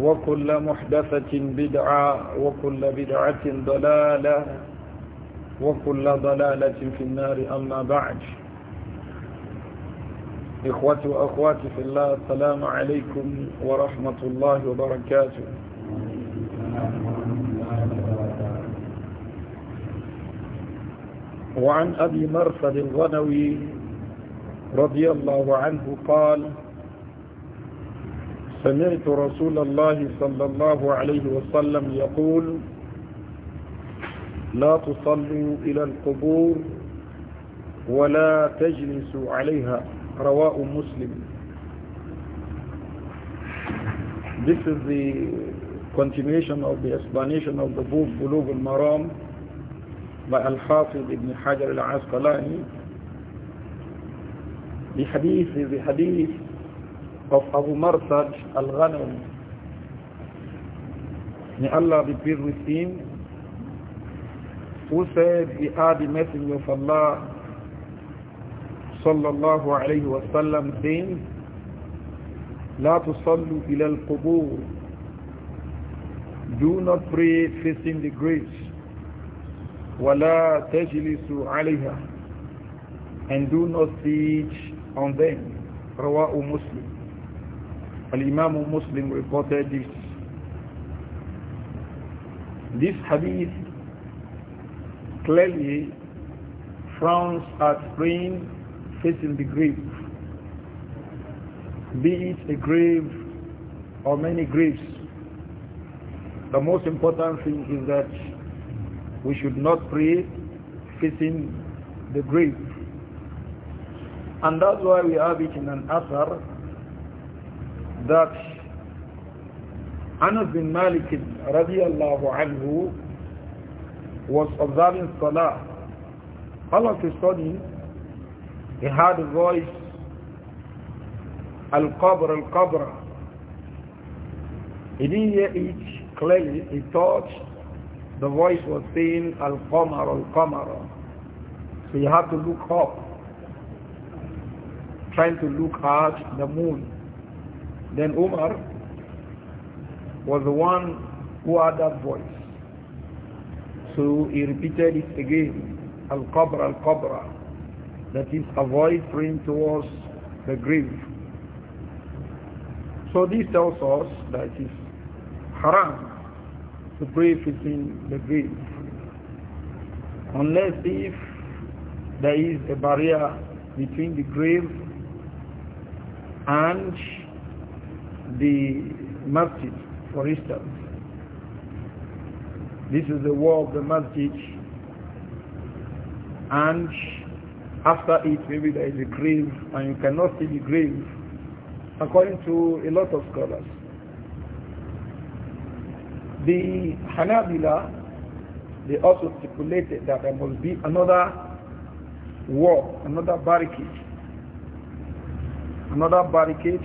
وكل محدثة بدعة وكل بدعة ضلالة وكل ضلالة في النار أما بعد إخوتي وأخواتي في الله السلام عليكم ورحمة الله وبركاته وعن أبي مرثد الغنوي رضي الله عنه قال سمعت رسول الله صلى الله عليه وسلم يقول لا تصلوا إلى القبور ولا تجلسوا عليها رواه مسلم This is the continuation of the explanation of the book Bulug al-Maram by al hafid ibn Hajar al-Asqalani. The hadith is the hadith of Abu Marsad al-Ghanam. May Allah be pleased with him, who said we are the messenger of Allah sallallahu alayhi wa sallam saying, لا تصلوا إلى القبور do not pray facing the graves ولا تجلسوا عليها and do not sit on them رواه مسلم Al-Imam Muslim reported this. This hadith clearly frowns at praying facing the grave, be it a grave or many graves. The most important thing is that we should not pray facing the grave. And that's why we have it in an Athar that Anas bin Malik radiallahu anhu was observing Salah. All of a sudden, he heard a voice, Al-Qabr, Al-Qabr. He didn't hear it clearly. He thought the voice was saying, Al-Qamar, Al-Qamar. So he had to look up, trying to look at the moon. Then Umar was the one who had that voice. So he repeated it again, Al-Qabra, Al-Qabra, that is a voice praying towards the grave. So this tells us that it is haram to pray within the grave. Unless if there is a barrier between the grave and the masjid, for instance. This is the wall of the masjid. And after it, maybe there is a grave, and you cannot see the grave, according to a lot of scholars. The Hanabila, they also stipulated that there must be another wall, another barricade. Another barricade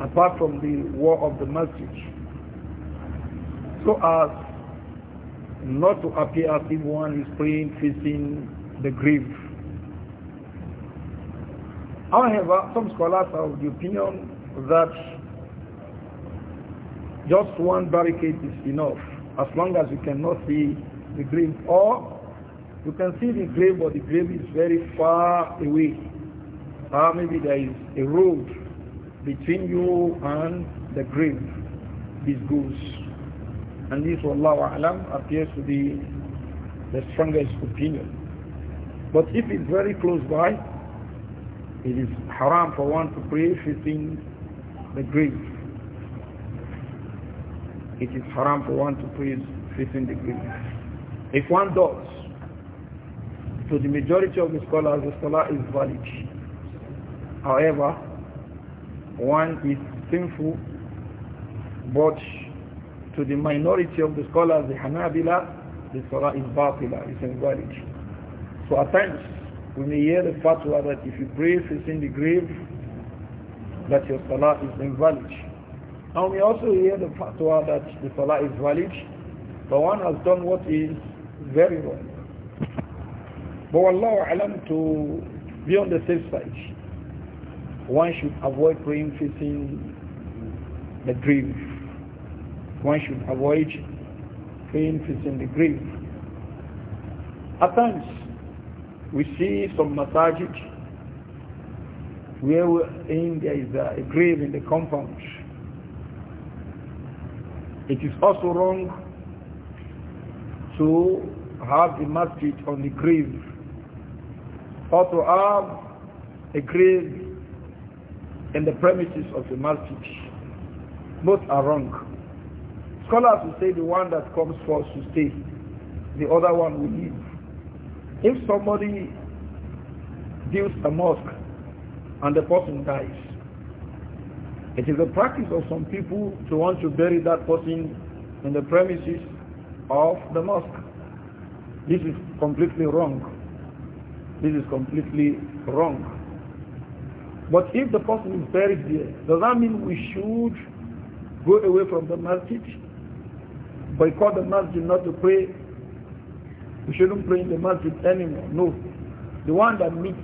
apart from the war of the message, so as not to appear as if one is praying facing the grave however some scholars are of the opinion that just one barricade is enough as long as you cannot see the grave or you can see the grave but the grave is very far away or maybe there is a road between you and the grave this goes and this wallahu alam appears to be the strongest opinion but if it's very close by it is haram for one to pray facing the grave it is haram for one to pray facing the grave if one does to the majority of the scholars the salah is valid however one is sinful but to the minority of the scholars the Hanabila the Salah is batila is invalid so at times we may hear the fatwa that if you pray facing the grave that your Salah is invalid and we also hear the fatwa that the Salah is valid but one has done what is very wrong but Allah alam to be on the safe side one should avoid praying facing the grave. One should avoid praying facing the grave. At times, we see some masajid where in there is a, grave in the compound. It is also wrong to have the masjid on the grave or to have a grave and the premises of the mosque, Both are wrong. Scholars will say the one that comes first will stay, the other one will leave. If somebody builds a mosque and the person dies, it is the practice of some people to want to bury that person in the premises of the mosque. This is completely wrong. This is completely wrong. But if the person is buried there, does that mean we should go away from the masjid? Boycott the masjid not to pray? We shouldn't pray in the masjid anymore. No. The one that meets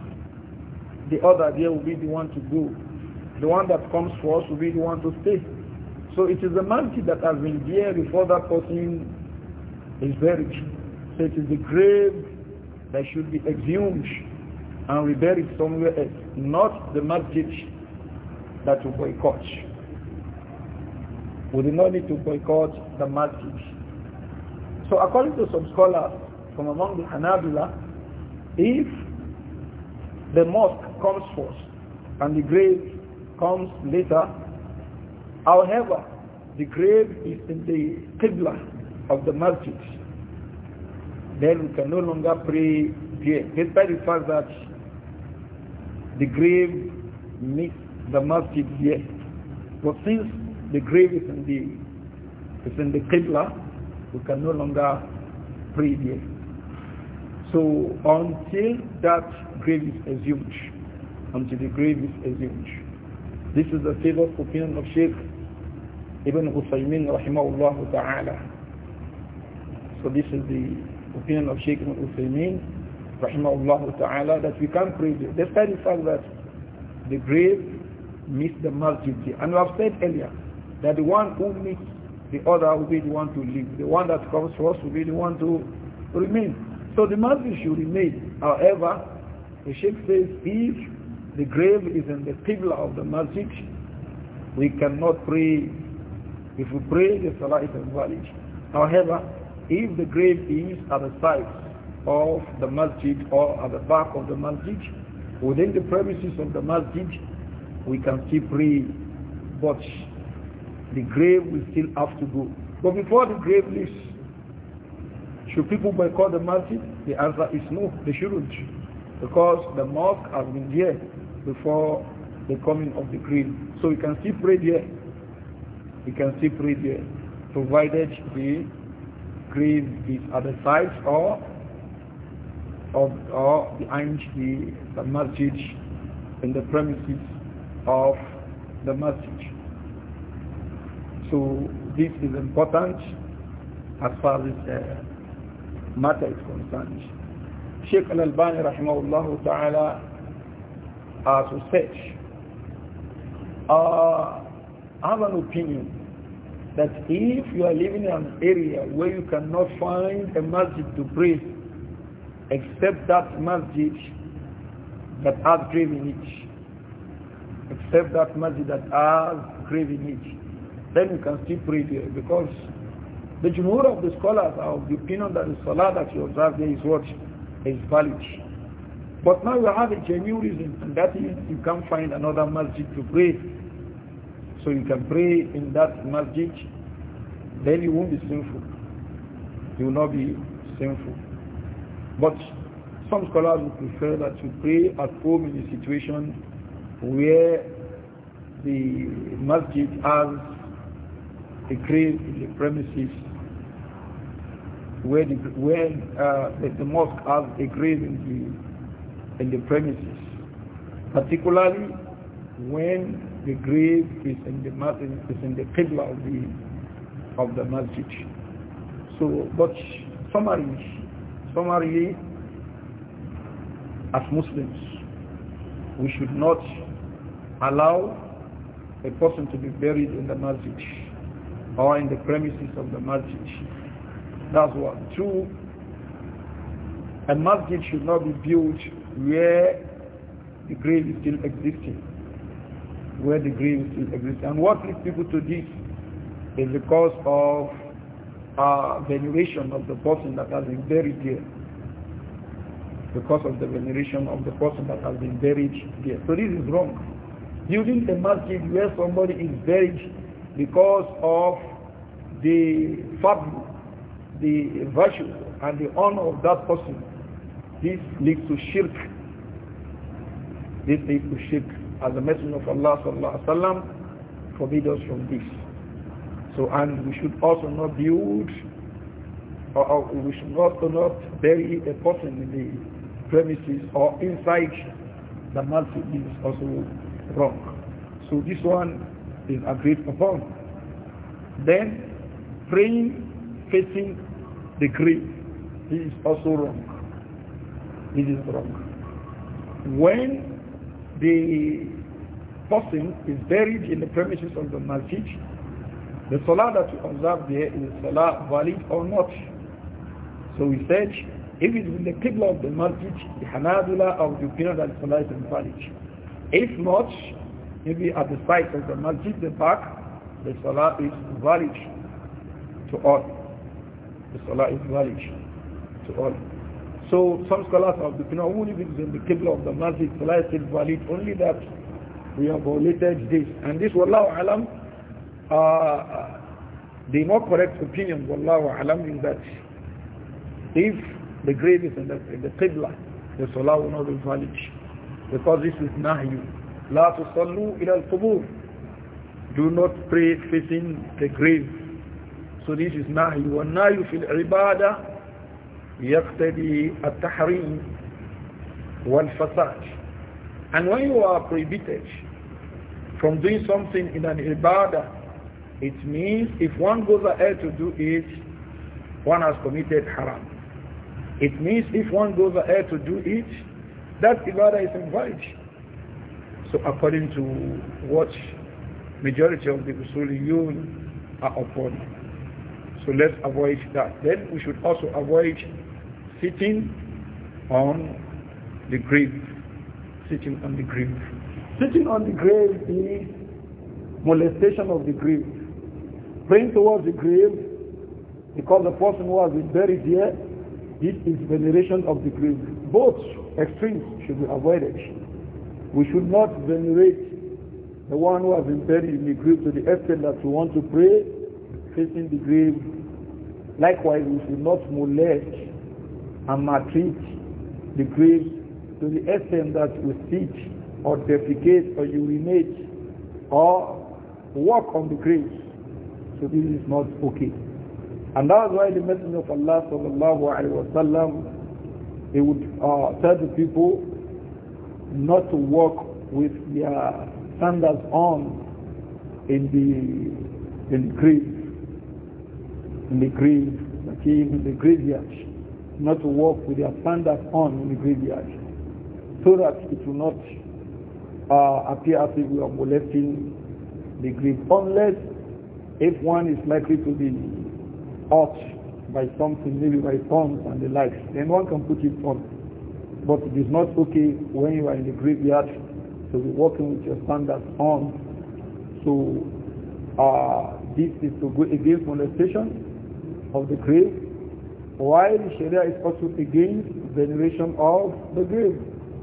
the other there will be the one to go. The one that comes for us will be the one to stay. So it is the masjid that has been there before that person is buried. So it is the grave that should be exhumed and we bury it somewhere else, not the masjid that we boycott. We do not need to boycott the masjid. So according to some scholars from among the Hanabila, if the mosque comes first and the grave comes later, however, the grave is in the Qibla of the masjid, then we can no longer pray there, despite the fact that the grave meets the masjid, yes. But since the grave is in the, is in the Qibla, we can no longer pray there. So until that grave is assumed, until the grave is assumed. This is the favored opinion of Sheikh Ibn Husaymin rahimahullah ta'ala. So this is the opinion of Sheikh Ibn Husaymin rahimahullah ta'ala, that we can't pray Despite the fact that the grave meets the masjid. And we have said earlier that the one who meets the other will be the one to leave. The one that comes first will be the one to remain. So the masjid should remain. However, the Sheikh says if the grave is in the qibla of the masjid, we cannot pray. If we pray, the salah is invalid. However, if the grave is at the side of the masjid or at the back of the masjid, within the premises of the masjid, we can still pray, but the grave we still have to go. But before the grave leaves, should people boycott the masjid? The answer is no, they shouldn't. Because the mosque has been here before the coming of the grave. So we can still pray there. We can still pray there, provided the grave is at the site or of the uh, behind the, the masjid in the premises of the masjid. So this is important as far as uh, matter is concerned. Sheikh Al-Albani rahimahullah ta'ala as uh, uh, I have an opinion that if you are living in an area where you cannot find a masjid to pray except that masjid that has grave in it. Except that masjid that has grave in it. Then you can still pray there because the jumhur of the scholars are of the opinion that the salah that you observe there is what is valid. But now you have a genuine reason and that is you can't find another masjid to pray. So you can pray in that masjid, then you won't be sinful. You will not be sinful. But some scholars would prefer that you pray at home in a situation where the masjid has a grave in the premises, where the, where, uh, the, the mosque has a grave in the, in the premises, particularly when the grave is in the masjid, is in the pillar of the, of the masjid. So, but summary Summarily, as Muslims, we should not allow a person to be buried in the masjid or in the premises of the masjid. That's one. Two, a masjid should not be built where the grave is still existing. Where the grave is still existing. And what leads people to this is because of uh, veneration of the person that has been buried there because of the veneration of the person that has been buried there. So this is wrong. Building a masjid where somebody is buried because of the fab, the virtue and the honor of that person, this leads to shirk. This leads to shirk. As the Messenger of Allah sallallahu alaihi wasallam forbid us from this. So, and we should also not build, or, or we should also not bury a person in the premises or inside the masjid is also wrong. So this one is agreed upon. Then praying facing the grave, is also wrong. This is wrong. When the person is buried in the premises of the masjid, the salah that we observe there is salah valid or not. So we said, if it's in the qibla of the masjid, the hanabila of the opinion that the salah is invalid. If not, maybe at the site of the masjid, the back, the salah is valid to all. The salah is valid to all. So some scholars of the opinion, only if it's in the qibla of the masjid, salah is valid, only that we have violated this. And this, wallahu alam, uh, the more correct opinion, Wallahu Alam, is that if the grave is in the, in the Qibla, the Salah will not be valid. Because this is Nahyu. La تصلوا ila القبور. Do not pray facing the grave. So this is Nahyu. والنهي في العبادة يقتدي التحريم والفساد. And when you are prohibited from doing something in an ibadah it means if one goes ahead to do it, one has committed haram. It means if one goes ahead to do it, that ibadah is invalid. So according to what majority of the usuliyun are upon. So let's avoid that. Then we should also avoid sitting on the grave. Sitting on the grave. Sitting on the grave is molestation of the grave praying towards the grave because the person who has been buried here, it is veneration of the grave. Both extremes should be avoided. We should not venerate the one who has been buried in the grave to the extent that we want to pray facing the grave. Likewise, we should not molest and maltreat the grave to the extent that we sit or defecate or urinate or walk on the grave this is not okay. And that's why the Messenger of Allah sallallahu alayhi wa sallam, he would uh, tell the people not to walk with their sandals on in the in the grave, in the grave, in the graveyard, not to walk with their sandals on in the graveyard, so that it will not uh, appear as if we are molesting the grave, unless if one is likely to be touched by something, maybe by thorns and the like, then one can put it on. But it is not okay when you are in the graveyard to be walking with your sandals on. So uh, this is to go against molestation of the grave, while Sharia is also against veneration of the grave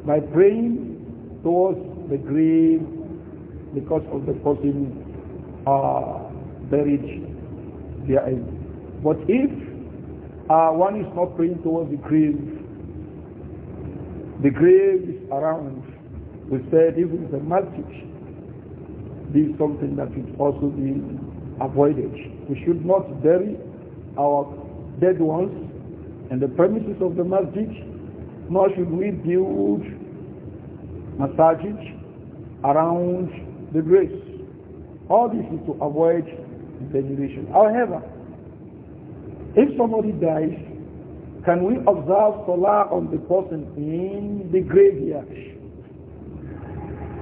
by praying towards the grave because of the causing. uh, buried, there is. But if uh, one is not praying towards the grave, the grave is around. We said even the masjid, this is something that should also be avoided. We should not bury our dead ones in the premises of the masjid, nor should we build masajid around the grave. All this is to avoid However, if somebody dies, can we observe Salah on the person in the graveyard?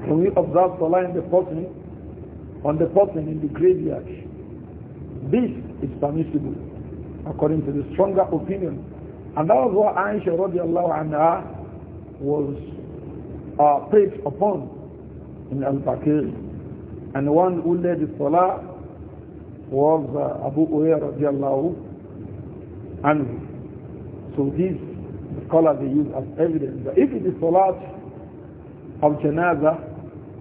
Can we observe Salah in the person, on the person in the graveyard? This is permissible, according to the stronger opinion. And that was what Aisha radiallahu anha was uh, upon in Al-Baqir. And one who led the Salah was Abu Uraira radiallahu anhu. So these scholars they use as evidence that if it is salat of janaza,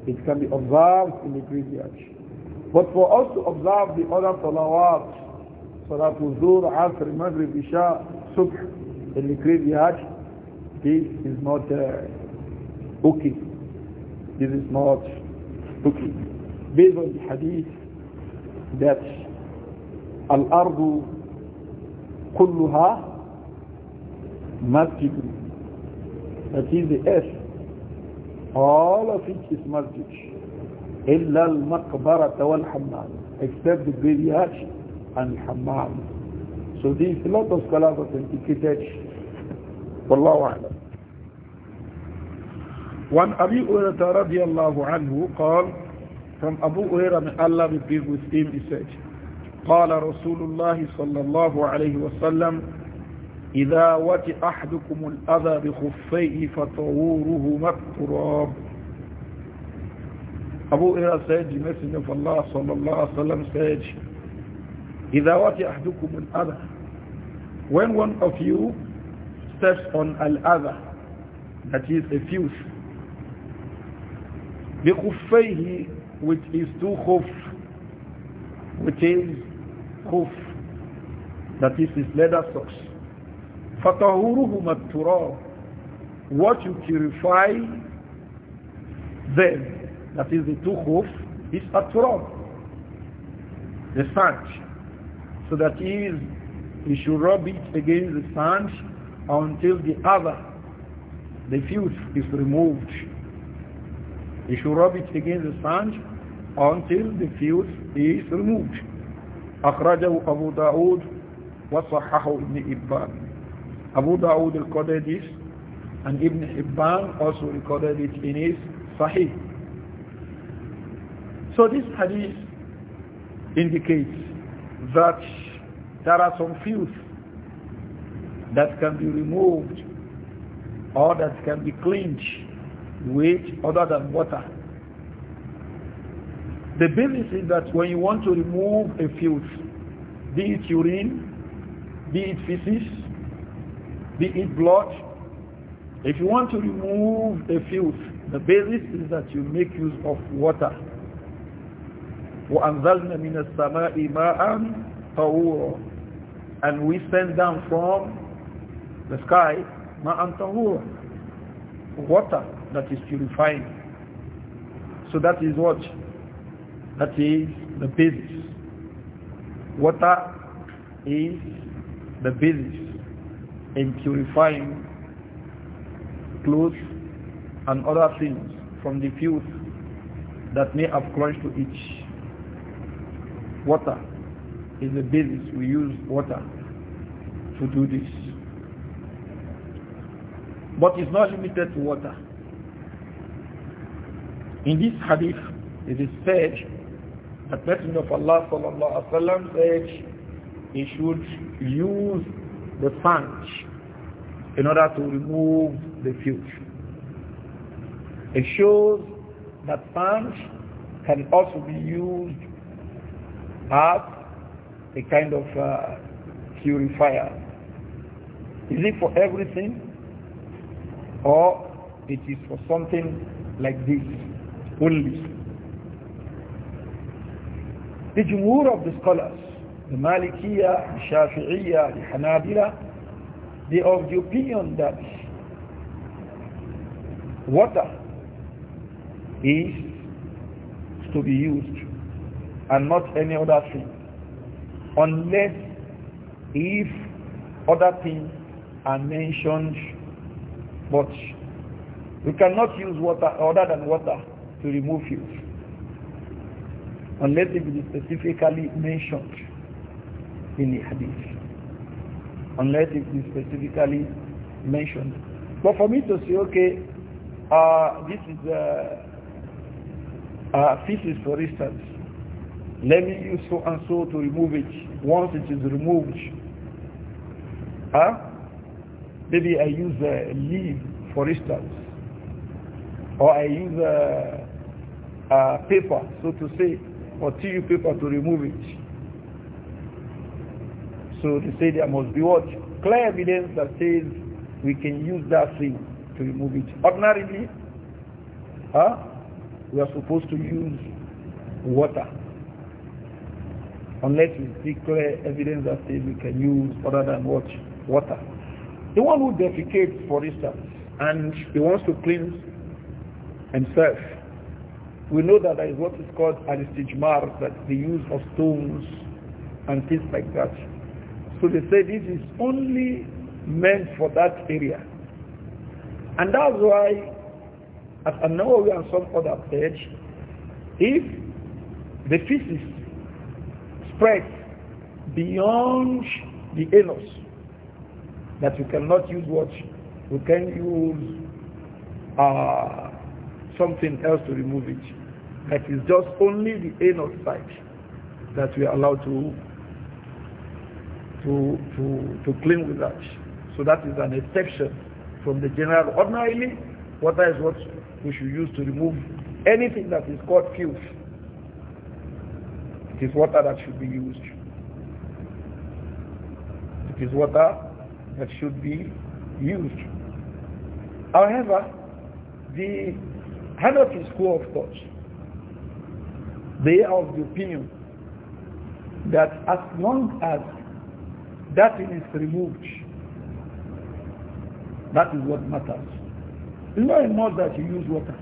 it can be observed in the graveyard. But for us to observe the other salawat, salat zuhr, asr, maghrib, isha, subh, in the graveyard, this is not uh, okay. This is not okay. Based on the hadith that الأرض كلها masjid that is the earth all of it is masjid إلا المقبرة والحمام except the graveyard and the hammam so is a lot of scholars authenticated والله أعلم وعن أبي أولة رضي الله عنه قال From Abu Huraira, may Allah be pleased with him, he said, قال رسول الله صلى الله عليه وسلم إذا وتي أحدكم الأذى بخفيه فطوروهما التراب Abu Huraira said, the Messenger of Allah صلى الله عليه وسلم said, إذا وتي أحدكم الأذى When one of you steps on al-adha, that is a fuse, بخفيه which is two khuf, which is khuf, that is his leather socks. فَطَهُرُهُمَ التُّرَابُ What you purify them, that is the two khuf, is at-turab, the sand. So that is, you should rub it against the sand until the other, the filth is removed. You should rub it against the sand until the filth is removed. أخرجه أبو داود وصححه ابن إبان أبو داود recorded and Ibn Hibban also recorded it in his Sahih. So this hadith indicates that there are some filth that can be removed or that can be cleaned. Which other than water. The basis is that when you want to remove a filth, be it urine, be it feces, be it blood, if you want to remove a filth, the basis is that you make use of water. وَأَنْزَلْنَا مِنَ السَّمَاءِ مَاءً طَهُورًا And we send down from the sky مَاءً طَهُورًا Water that is purifying. So that is what? That is the basis. Water is the basis in purifying clothes and other things from the filth that may have clung to each. Water is the basis. We use water to do this. But it's not limited to water. In this hadith, it is said that Messenger of Allah sallallahu alaihi wasallam said he should use the sponge in order to remove the filth. It shows that sponge can also be used as a kind of uh, purifier. Is it for everything or it is for something like this? only. The jumhur of the scholars, the Malikiya, the Shafi'iyya, the Hanabila, they are of the opinion that water is to be used and not any other thing unless if other things are mentioned but we cannot use water other than water to remove you unless it is specifically mentioned in the hadith unless it is specifically mentioned but for me to say okay uh, this is uh, uh, for instance let me use so and so to remove it once it is removed huh? maybe I use uh, leaf, for instance or I use uh, uh, paper, so to say, or tissue paper to remove it. So they say there must be what? Clear evidence that says we can use that thing to remove it. Ordinarily, huh, we are supposed to use water. Unless we see clear evidence that says we can use other than what? Water. The one who defecates, for instance, and he wants to cleanse himself, we know that there is what is called al-istijmar, that the use of stones and things like that. So they say this is only meant for that area. And that's why, as an we and some other page. if the feces spreads beyond the anus, that we cannot use what? We can use uh, something else to remove it. That is just only the anal site that we are allowed to to to to clean with that. So that is an exception from the general. Ordinarily, water is what we should use to remove anything that is called filth. It is water that should be used. It is water that should be used. However, the Hanafi school of thought, they are of the opinion that as long as that is removed, that is what matters. It's not enough that you use water.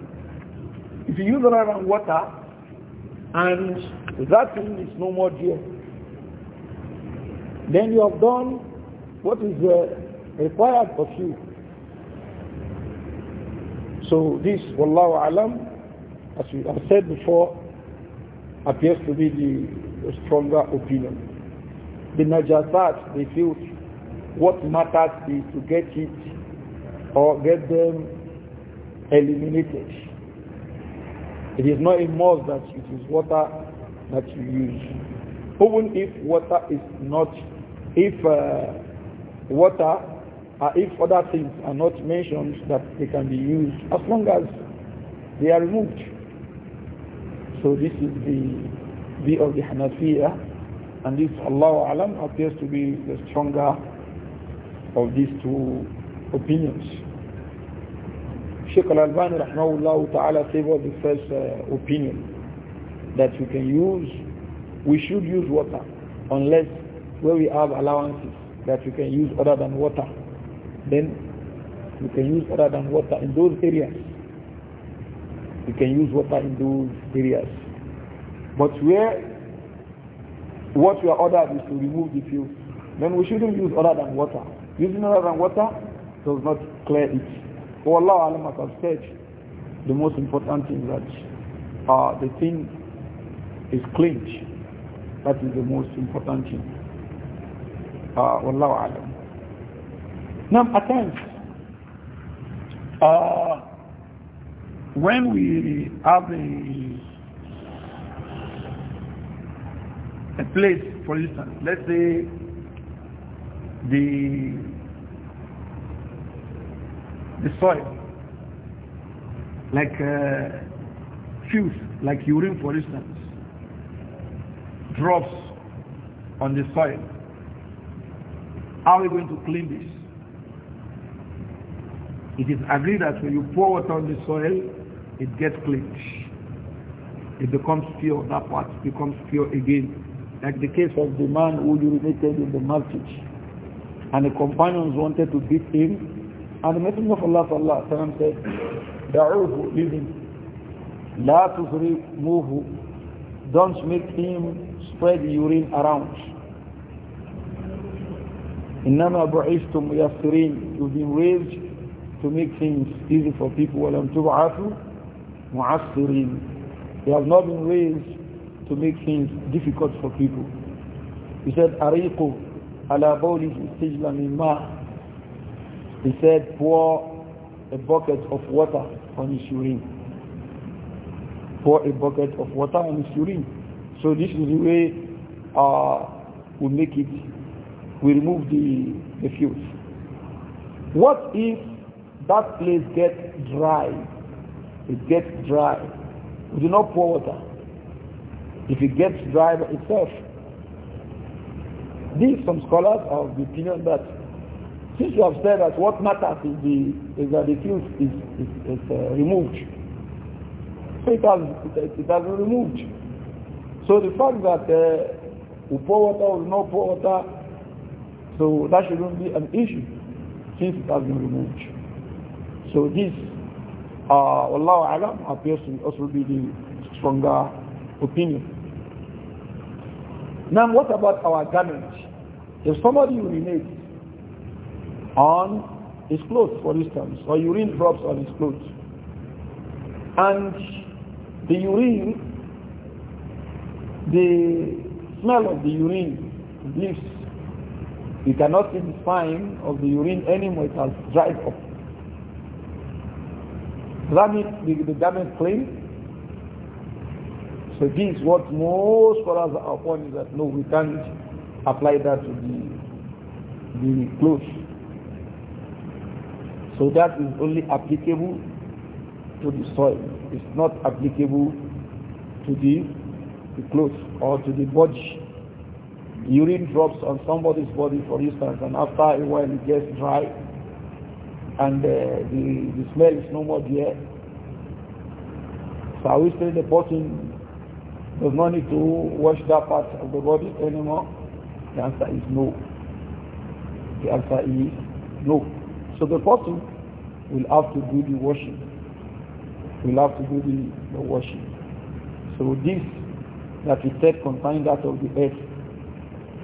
If you use around water and that thing is no more there, then you have done what is uh, required of you. So this, Wallahu Alam, as we have said before, appears to be the stronger opinion. The Najasat, they feel what matters is to get it or get them eliminated. It is not a must that it is water that you use. Even if water is not, if uh, water uh, if other things are not mentioned that they can be used as long as they are removed. So this is the view of the Hanafiya and this Allah Alam appears to be the stronger of these two opinions. Sheikh Al-Albani rahmahullah ta'ala favors the first uh, opinion that we can use, we should use water unless where we have allowances that we can use other than water then you can use other than water in those areas. You can use water in those areas. But where what we are ordered is to remove the fuel, then we shouldn't use other than water. Using other than water does not clear it. For Allah, Allah has said, the most important thing that uh, the thing is clean. That is the most important thing. Uh, Wallahu alam. Now, at uh, when we have a, a place, for instance, let's say the the soil, like uh, like urine, for instance, drops on the soil. How are we going to clean this? It is agreed that when you pour water on the soil, it gets clean. It becomes pure, that part becomes pure again. Like the case of the man who urinated in the masjid. And the companions wanted to beat him. And the Messenger of Allah sallallahu alayhi wa said, Da'uhu, leave him. La Don't make him spread urine around. إنما بعثتم yasirin, You've been raised to make things easy for people. وَلَمْ تُبْعَثُ مُعَسِّرِينَ They have not been raised to make things difficult for people. He said, أَرِيقُ عَلَى بَوْلِهِ سِجْلَ He said, pour a bucket of water on his urine. Pour a bucket of water on his urine. So this is the way uh, we make it, we remove the, the filth. What if that place gets dry. It gets dry. We do not pour water. If it gets dry by itself. These some scholars are of the opinion that since you have said that what matters is the is that the filth is, is, is uh, removed. So it has it, it has been removed. So the fact that uh, we pour water or no pour water, so that shouldn't be an issue since it has been removed. So this, uh, Allah Alam, appears to also be the stronger opinion. Now what about our garment? If somebody urinates on his clothes, for instance, or urine drops on his clothes, and the urine, the smell of the urine leaves. You cannot see the fine of the urine anymore, it has dried up the, the garment clean? So this is what most scholars are pointing that no, we can't apply that to the, the clothes. So that is only applicable to the soil. It's not applicable to the, the clothes or to the body. Urine drops on somebody's body, for instance, and after a while it gets dry, and uh, the, the smell is no more there. So I will say the person does not need to wash that part of the body anymore. The answer is no. The answer is no. So the person will have to do the washing. Will have to do the, the washing. So this that is said confined out of the earth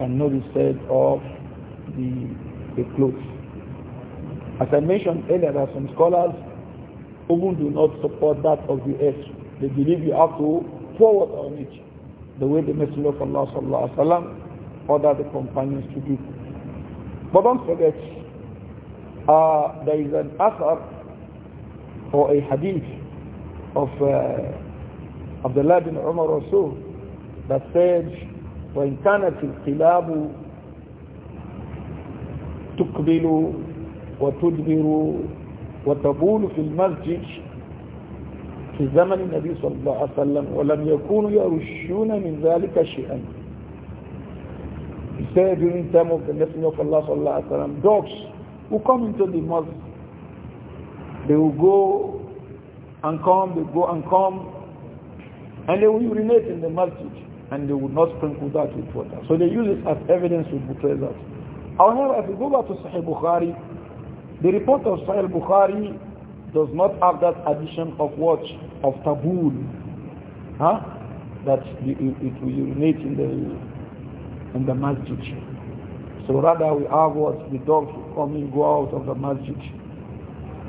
not be said of the, the clothes. As I mentioned earlier, there are some scholars who do not support that of the earth. They believe you have to forward on it the way the Messenger of Allah sallallahu alaihi wasallam ordered the companions to do. But don't forget, uh, there is an asar or a hadith of uh, Abdullah bin Umar Rasul that says, وإن كانت القلاب تقبل وتدبر وتبول في المسجد في زمن النبي صلى الله عليه وسلم ولم يكونوا يرشون من ذلك شيئا said during time of the Messenger of Allah sallallahu alaihi wasallam, dogs who come into the mosque, they will go and come, they go and come, and they will urinate in the masjid, and they will not sprinkle that with water. So they use it as evidence to buttress that. However, if you go back to Sahih Bukhari, the report of Sahih Bukhari does not have that addition of what? Of taboo. Huh? That it, it will urinate in the, in the masjid. So rather we have what? The dogs come in, go out of the masjid.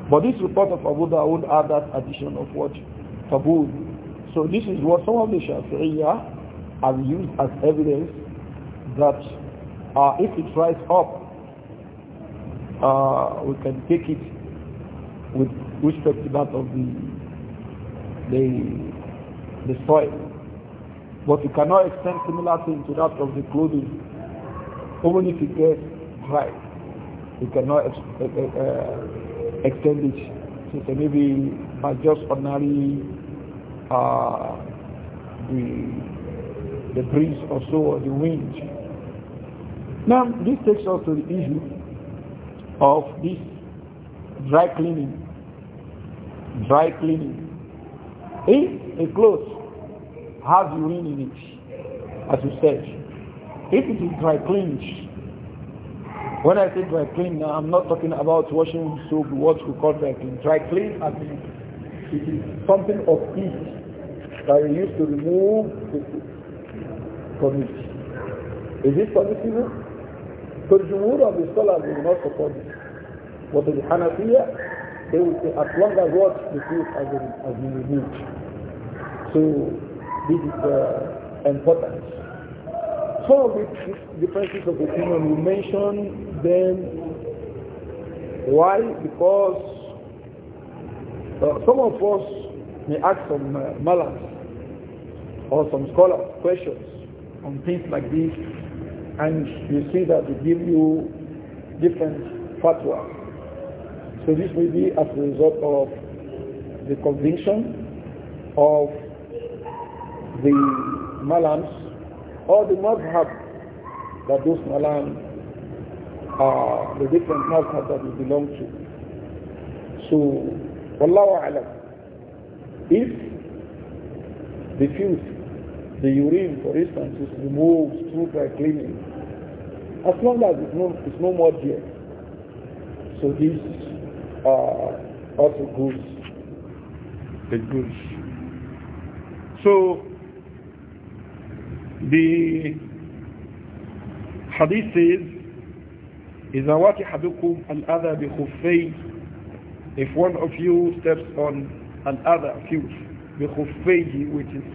But this report of Abu Dawud add that addition of what? Taboo. So this is what some of the Shafi'iyah have used as evidence that uh, if it rises up uh, we can take it with respect to that of the, the, the soil. But we cannot extend similar to that of the clothing, even if it gets dry. We cannot ex uh, extend it. So maybe by just ordinary uh, the the breeze or so or the wind. Now this takes us to the issue of this dry cleaning. Dry cleaning. If a clothes has urine in it, as you said, if it is dry cleaning, when I say dry clean, I'm not talking about washing soap, what we call dry clean. Dry clean, I mean, it is something of heat that we use to remove the from it. Is this season? Because the Jumhur of the scholars will not support this. But they will say, as long as what the truth has been, has been removed. So this is uh, important. Some of the differences of opinion, we mention then Why? Because uh, some of us may ask some uh, or some scholars questions on things like this and you see that they give you different fatwa. So this may be as a result of the conviction of the malams or the madhab that those malams are the different madhab that they belong to. So, Wallahu alam, if the filth, the urine for instance is removed through dry cleaning, as long as it's no, it's no more there. So this uh, also goes, the goods. So the hadith says, إذا hadukum حدكم other بخفيه if one of you steps on another the بخفيه which is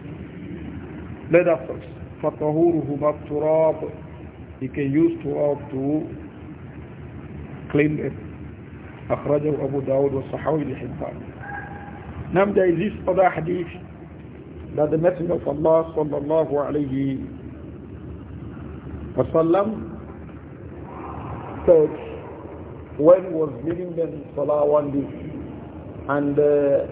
leather socks فطهورهما التراب he can use throughout to claim it. أخرجه أبو داود والصحاوي لحبان. نعم there is this other hadith that the Messenger of Allah الله عليه وسلم said when he was leading them salah one day and uh,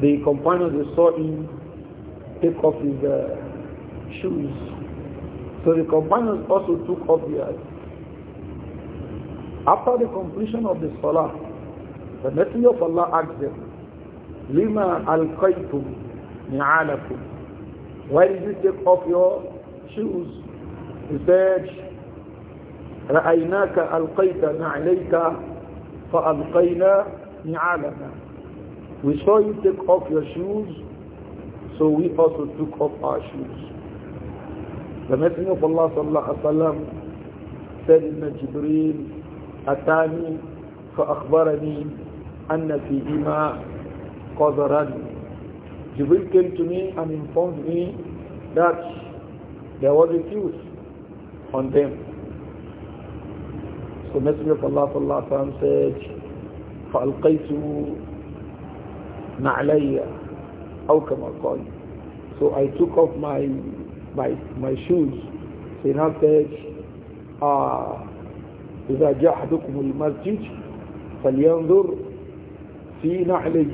the companions saw him take off his uh, shoes so the companions also took up the earth. After the completion of the Salah, the Messenger of Allah asked them, Lima al-qaytum ni'alakum. Why did you take off your shoes? He said, رأيناك ألقيت نعليك فألقينا نعالنا. We saw you take off your shoes, so we also took off our shoes. The Messenger of Allah الله عليه وسلم said جبريل Jibreel, أتاني فأخبرني أن في إما قذرني came to me and informed me that there was a fuse on them. So Messenger of Allah الله عليه وسلم said, فألقيت نعلي أو كما قال. So I took off my my, my shoes. So he now said, uh, إذا جاء أحدكم المسجد فلينظر في نعله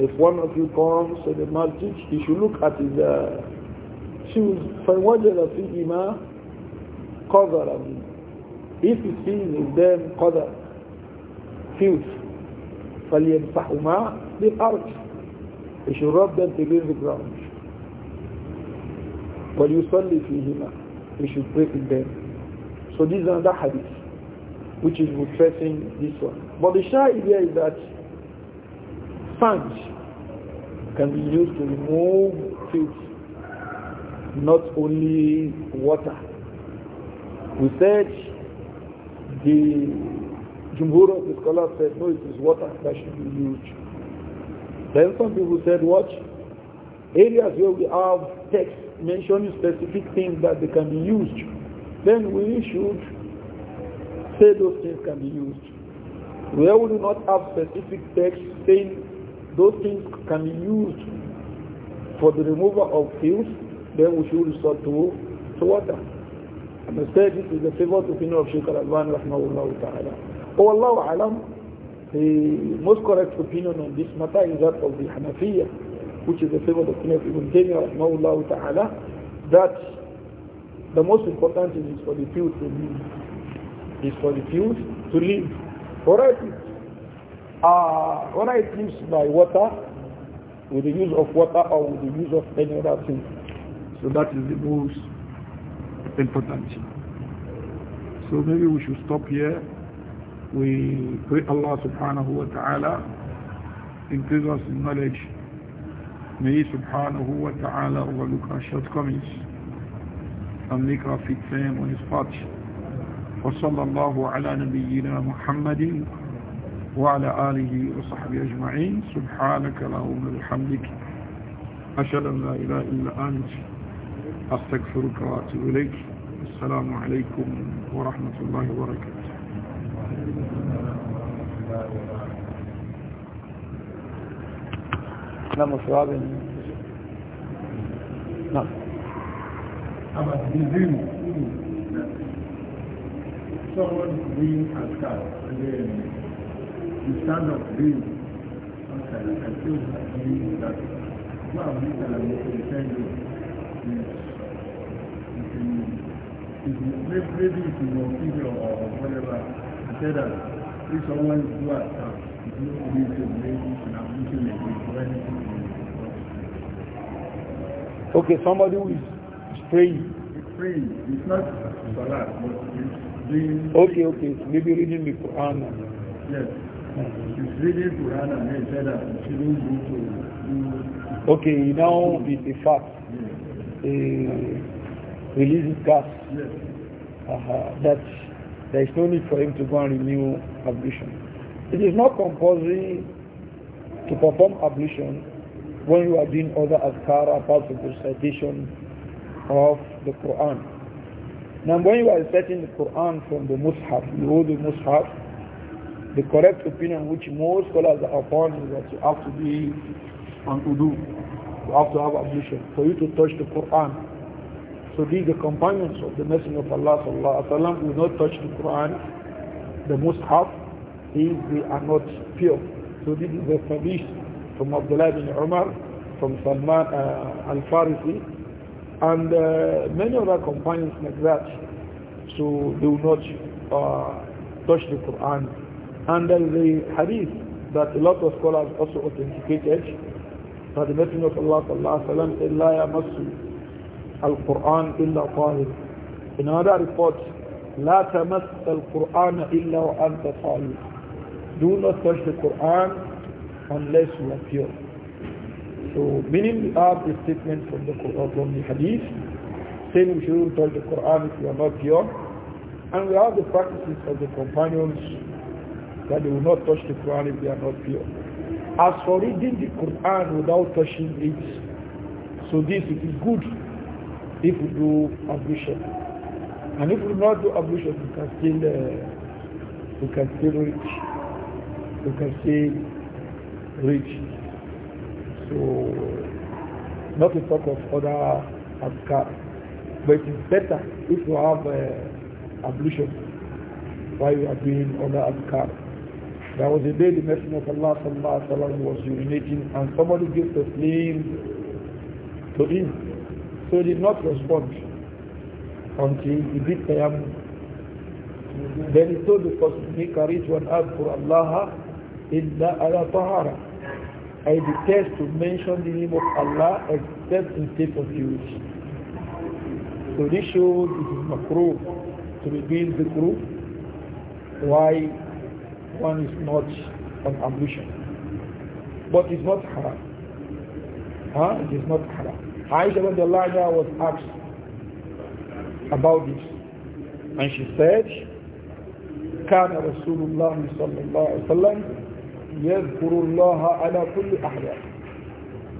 if one of you comes to the masjid, he should look at his uh, shoes. فَوَجَدَ فِيهِمَا قَذَرًا If he sees in them قَذَر, filth, فَلْيَمْسَحُمَا بِالْأَرْضِ He should rub them to the ground in فِيهِمَا We should pray with them. So this is another hadith, which is refreshing, this one. But the shy idea is that sand can be used to remove filth, not only water. We said the Jumhur of the scholar said, no, it is water that should be used. Then some people said, watch, areas where we have text mentioning specific things that they can be used, then we should say those things can be used. We do not have specific text saying those things can be used for the removal of fields, then we should resort to, to water. And the said this is the favorite opinion of Sheikh Al-Alban rahmahullah ta'ala. Oh Allah alam, the most correct opinion on this matter is that of the Hanafiya which is the favor opinion of Ibn Taymiyyah ta'ala, that the most important thing is for the few to live. Is for the few to live. Alright, uh, ah, whether it lives by water, with the use of water or with the use of any other thing. So that is the most important thing. So maybe we should stop here. We pray Allah subhanahu wa ta'ala increase us in knowledge. Mais سبحانه وتعالى ta'ala, on va nous cracher de commis. Amener وصلى الله على نبينا محمد وعلى آله وصحبه أجمعين سبحانك اللهم وبحمدك أشهد أن لا إله إلا أنت أستغفرك وأتوب إليك السلام عليكم ورحمة الله وبركاته لا مصواب نعم someone doing askar and then the stand of doing askar I feel that what I'm doing that it's am defending is you can if you maybe if you know video or whatever I say that if someone do askar you don't need to maybe Okay, somebody who is praying. praying. It's not salat, but Okay, okay. Maybe reading the Quran. Yes. It's reading Quran and he said that she don't go to... Okay, now it's a fact. Yes. Uh, eh, releases gas. Yes. Uh -huh. That there is no need for him to go and renew ablution. It is not compulsory to perform ablution when you are doing other azkar apart from the recitation of the Quran. Now when you are reciting the Quran from the Mus'haf, you hold the Mus'haf, the correct opinion which most scholars are upon is that you have to be to udu, you have to have ablution for you to touch the Quran. So these the companions of the Messenger of Allah sallallahu alaihi wasallam will not touch the Quran, the Mus'haf, if they are not pure. To this is established from Abdullah bin Umar, from Salman uh, al-Farisi, and uh, many other companions like that. So they will not uh, touch the Quran. And there is a hadith that a lot of scholars also authenticated that the Messenger of Allah sallallahu said, "La yamassu al-Quran illa tahir." In another report, "La tamass al-Quran illa wa anta tahir." do not touch the Quran unless you are pure. So meaning we have the statement from the Quran, from the Hadith saying we shouldn't touch the Quran if you are not pure. And we have the practices of the companions that they will not touch the Quran if they are not pure. As for reading the Quran without touching it, so this it is good if we do ablution. And if we do not do ablution, we can still uh, we can still reach you can see, rich. So, not to talk of other adhkar. But it is better if you have uh, ablution while you are doing other adhkar. There was a day the Messenger of Allah sallallahu sallam, was urinating and somebody gave the flame to him. So he did not respond until he did tayammum. Then he told the person, make a one out for Allah إلا على طهارة I detest to mention the name of Allah except in state of use. So this shows it is makruh to reveal the group why one is not on ambition, But it's not haram. Huh? It is not haram. Aisha radiallahu was asked about this. And she said, كان رسول الله صلى الله عليه وسلم يذكر الله على كل أحيان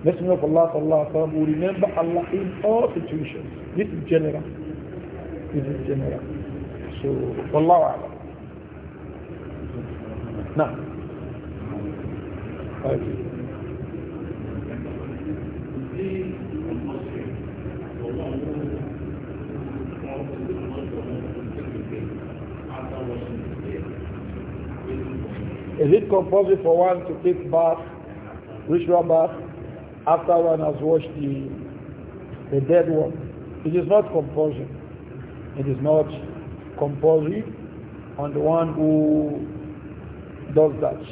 Let's remember Allah sallallahu alayhi We remember Allah in all situations. This is general. This is general. So, Wallahu alam. Now. Okay. Is it compulsory for one to take bath, ritual bath, after one has washed the, the dead one? It is not compulsory. It is not compulsory on the one who does that.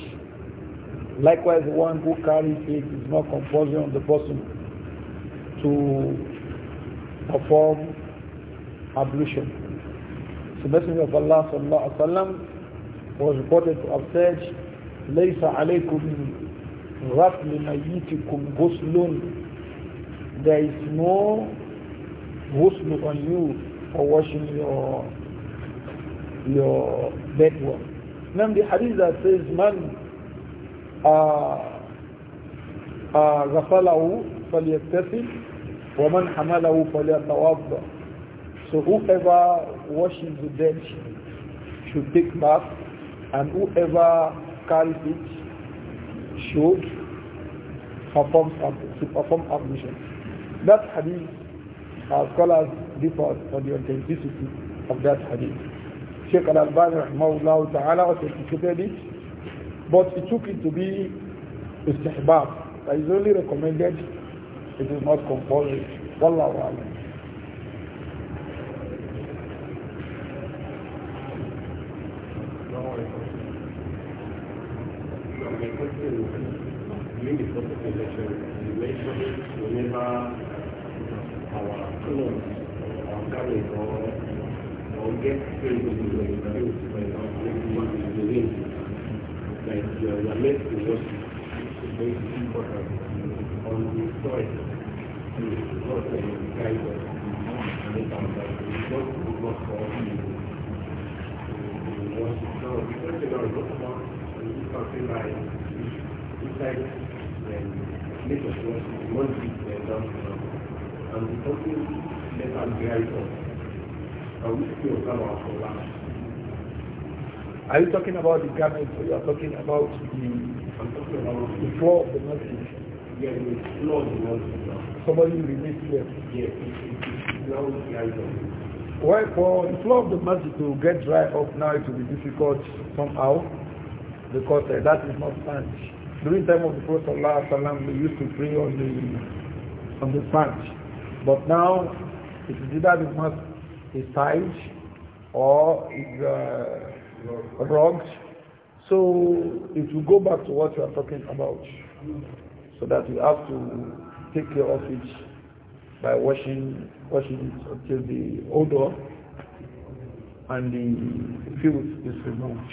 Likewise, the one who carries it is not compulsory on the person to perform ablution. So Messenger of Allah sallallahu alaihi wasallam was reported of have said, لَيْسَ عَلَيْكُمْ غَفْلِ مَيِّتِكُمْ غُسْلٌ There is no ghusl on you for washing your your dead one. Now the hadith that says, man غسله فليتسل ومن حمله فليتوضأ So whoever washes the dead should take bath and whoever carries it should perform perform ablution. That hadith, our scholars differ on the authenticity of that hadith. Sheikh Al-Albani rahmahullah ta'ala authenticated it, but he took it to be istihbab. That is only recommended, it is not compulsory. Wallahu alam. the question during the election, you mentioned whenever our clones or our or, or get trained in the interviews, for example, one the like you are meant to it's very important on the story to what the guide us and make We want to work for you something inside um, one uh, down and the us and we still come out for that. Are you talking about the garment or you are talking about the I'm talking about the floor of the mosque? Yeah, the floor of the mosque. Somebody here. Yes, now dried up. Well, for the floor of the mosque to get dry up now, it will be difficult somehow because uh, that is not Spanish. During time of the Prophet ﷺ, we used to pray on the on the sand, but now it is that, the mosque is Spanish or it's uh, so it will go back to what you are talking about. So that we have to take care of it by washing washing it until the odor and the filth is removed.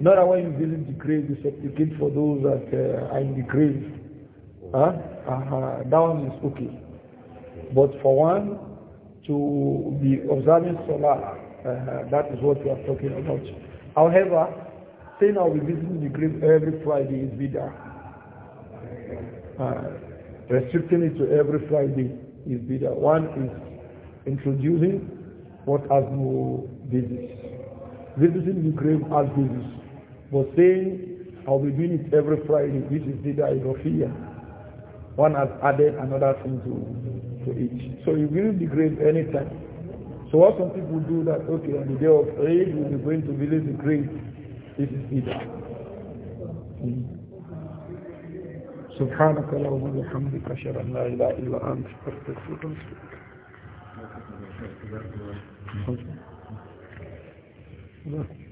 Not why you visit the grave, you supplicate for those that uh, are in the grave. Huh? Uh -huh. That one is okay. But for one to be observing Salah, uh uh-huh, that is what we are talking about. However, saying I'll be visiting the grave every Friday is bid'ah. Uh, restricting it to every Friday is bid'ah. One is introducing what has no business visiting the grave as business, but saying, I'll be doing it every Friday, which is the day of fear. One has added another thing to, to each. So you visit the grave anytime. So what some people do that, okay, on the day of Eid, we'll be going to visit the grave. This is Ida. سبحانك اللهم وبحمدك اشهد ان لا اله الا انت استغفرك Look.